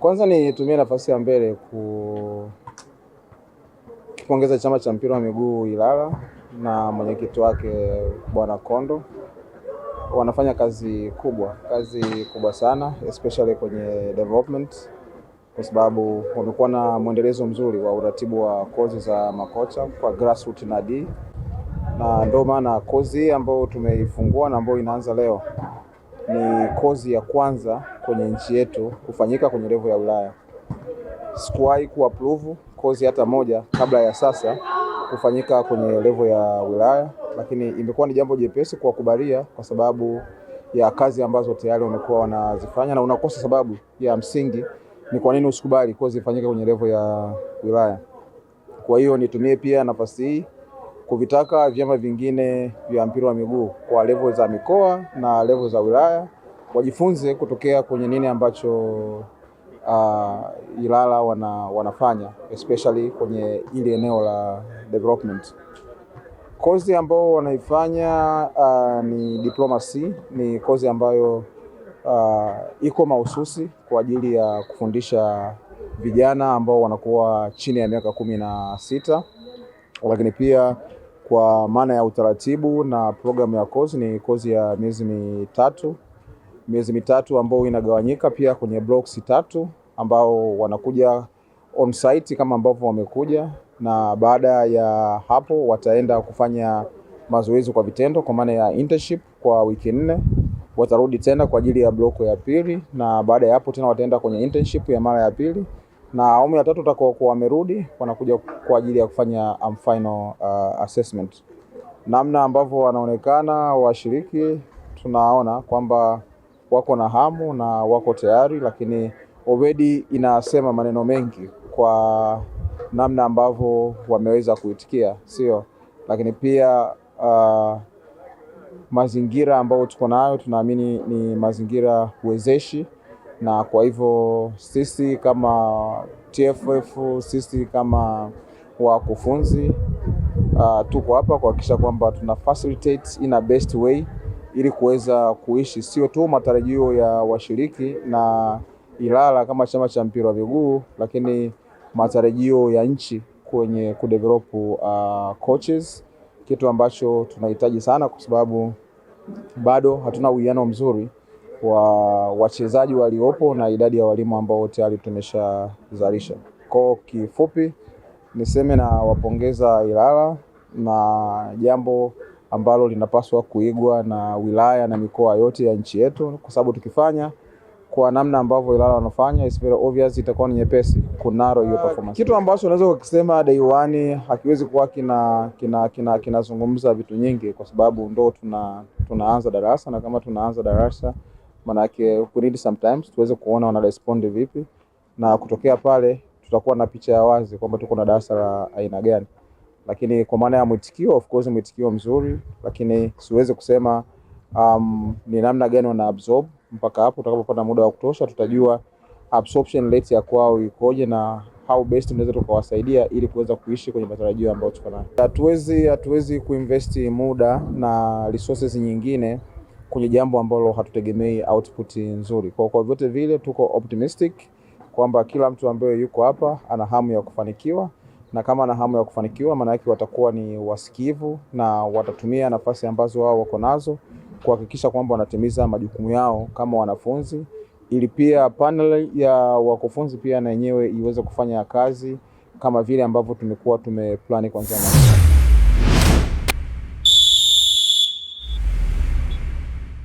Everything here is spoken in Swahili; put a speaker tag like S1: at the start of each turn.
S1: Kwanza nitumie nafasi ya mbele kupongeza chama cha mpira wa miguu Ilala na mwenyekiti wake Bwana Kondo. Wanafanya kazi kubwa, kazi kubwa sana especially kwenye development, kwa sababu wamekuwa na mwendelezo mzuri wa uratibu wa kozi za makocha kwa grassroots na D, na ndio maana kozi ambayo tumeifungua na ambayo inaanza leo ni kozi ya kwanza kwenye nchi yetu kufanyika kwenye levo ya Ulaya. Sikuwahi approve kozi hata moja kabla ya sasa kufanyika kwenye levo ya wilaya, lakini imekuwa ni jambo jepesi kuwakubalia kwa sababu ya kazi ambazo tayari wamekuwa wanazifanya, na unakosa sababu ya msingi ni kwa nini usikubali kozi ifanyike kwenye levo ya wilaya. Kwa hiyo nitumie pia nafasi hii kuvitaka vyama vingine vya mpira wa miguu kwa levo za mikoa na levo za wilaya wajifunze kutokea kwenye nini ambacho uh, Ilala wana, wanafanya especially kwenye ili eneo la development. Kozi ambao wanaifanya uh, ni diplomacy, ni kozi ambayo uh, iko mahususi kwa ajili ya kufundisha vijana ambao wanakuwa chini ya miaka kumi na sita, lakini pia kwa maana ya utaratibu na programu ya kozi ni kozi ya miezi mitatu, miezi mitatu ambayo inagawanyika pia kwenye blocks tatu, ambao wanakuja on site kama ambavyo wamekuja, na baada ya hapo wataenda kufanya mazoezi kwa vitendo kwa maana ya internship kwa wiki nne. Watarudi tena kwa ajili ya bloko ya pili, na baada ya hapo tena wataenda kwenye internship ya mara ya pili na awamu ya tatu watakuwa wamerudi, wanakuja kwa ajili ya kufanya um, final uh, assessment. Namna ambavyo wanaonekana washiriki, tunaona kwamba wako na hamu na wako tayari, lakini already inasema maneno mengi kwa namna ambavyo wameweza kuitikia, sio lakini pia uh, mazingira ambayo tuko nayo tunaamini ni mazingira wezeshi na kwa hivyo sisi kama TFF, sisi kama wakufunzi uh, tuko hapa kuhakikisha kwamba tuna facilitate in a best way ili kuweza kuishi sio tu matarajio ya washiriki na Ilala kama chama cha mpira wa miguu, lakini matarajio ya nchi kwenye kudevelop uh, coaches, kitu ambacho tunahitaji sana, kwa sababu bado hatuna uwiano mzuri wa wachezaji waliopo na idadi ya walimu ambao tayari tumeshazalisha. Kwa kifupi, niseme na wapongeza Ilala na jambo ambalo linapaswa kuigwa na wilaya na mikoa yote ya nchi yetu, kwa sababu tukifanya kwa namna ambavyo Ilala wanafanya it's very obvious itakuwa ni nyepesi kunaro hiyo performance.
S2: Kitu ambacho unaweza kukisema day one hakiwezi kuwa kina kinazungumza kina, kina vitu nyingi, kwa sababu ndo tuna tunaanza darasa na kama tunaanza darasa manake kuread sometimes tuweze kuona respond vipi, na kutokea pale tutakuwa na picha ya wazi kwamba tuko na darasa la aina gani. Lakini kwa maana ya mwitikio, of course mwitikio mzuri, lakini siwezi kusema um, ni namna gani wana absorb mpaka hapo tutakapopata muda wa kutosha, tutajua absorption rate ya kwao ikoje na how best tunaweza tukawasaidia ili kuweza kuishi kwenye matarajio ambayo tuko nayo. Hatuwezi hatuwezi kuinvest muda na resources nyingine kwenye jambo ambalo hatutegemei output nzuri. Kwa kwa vyote vile tuko optimistic kwamba kila mtu ambaye yuko hapa ana hamu ya kufanikiwa, na kama ana hamu ya kufanikiwa, maana yake watakuwa ni wasikivu na watatumia nafasi ambazo wao wako nazo kuhakikisha kwamba wanatimiza majukumu yao kama wanafunzi, ili pia panel ya wakufunzi pia na yenyewe iweze kufanya kazi kama vile ambavyo tumekuwa tumeplani kwanza mwanzo.